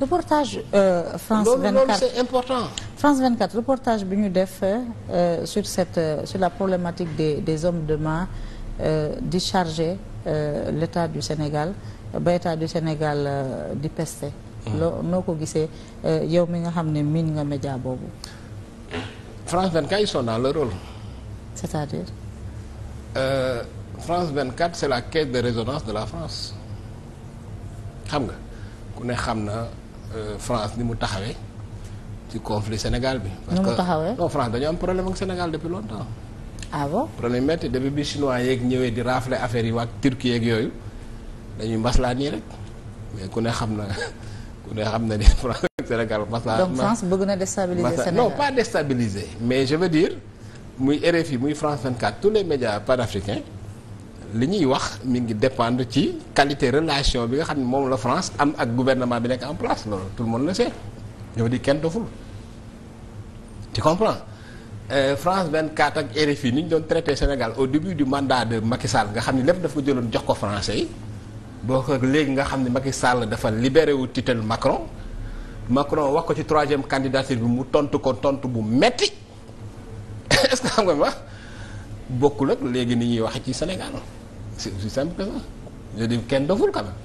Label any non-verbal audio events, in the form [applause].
reportage euh, France 24 loolu loolu c'est important. France 24 reportage bi ñu def euh, sur cette euh, la problématique des des hommes de main euh, di charger euh, l'État du Sénégal ba État du Sénégal di pester. Mmh. noo ko gisee yow mi nga xam ne miin nga média boobu. France 24 ils sont dans leur rôle. cest à vingt Euh, France 24 c'est la caisse de résonance de la France xam nga ku ne xam na. Euh, France ni mu taxawee ci conflit Sénégal bi. parce que non France dañoo am problème ak Sénégal depuis longtemps. ah bon problème métti depuis bi chinois yeeg ñëwee di rafle affaire yi waa Turquie yeeg yooyu dañuy maslaa nii rek mais ku ne xam na [laughs] ku ne xam na ni [laughs] France Sénégal maslaa. donc France bëgg na pas déstabiliser mais je veux dire muy RFI muy France 24 tous les médias panafricains. li ñuy wax mi ngi dépendre ci qualité relation bi nga xam ne moom la France am ak gouvernement bi nekk en place loolu tout le monde le sait ñoo di kenn doful ci comprends euh, France 24 ak RFI ni ñu doon traité Sénégal au début du mandat de Macky Sall nga xam ne lépp daf ko jëloon jox ko français yi boo ko léegi nga xam ne Macky Sall dafa libéré wu titel Macron Macron wax ko ci troisième candidature bi mu tontu ko tontu bu metti [laughs] est-ce que xam nga ma bokkul léegi ni ñuy wax ci Sénégal c'est aussi simple que ça je kenn doful quand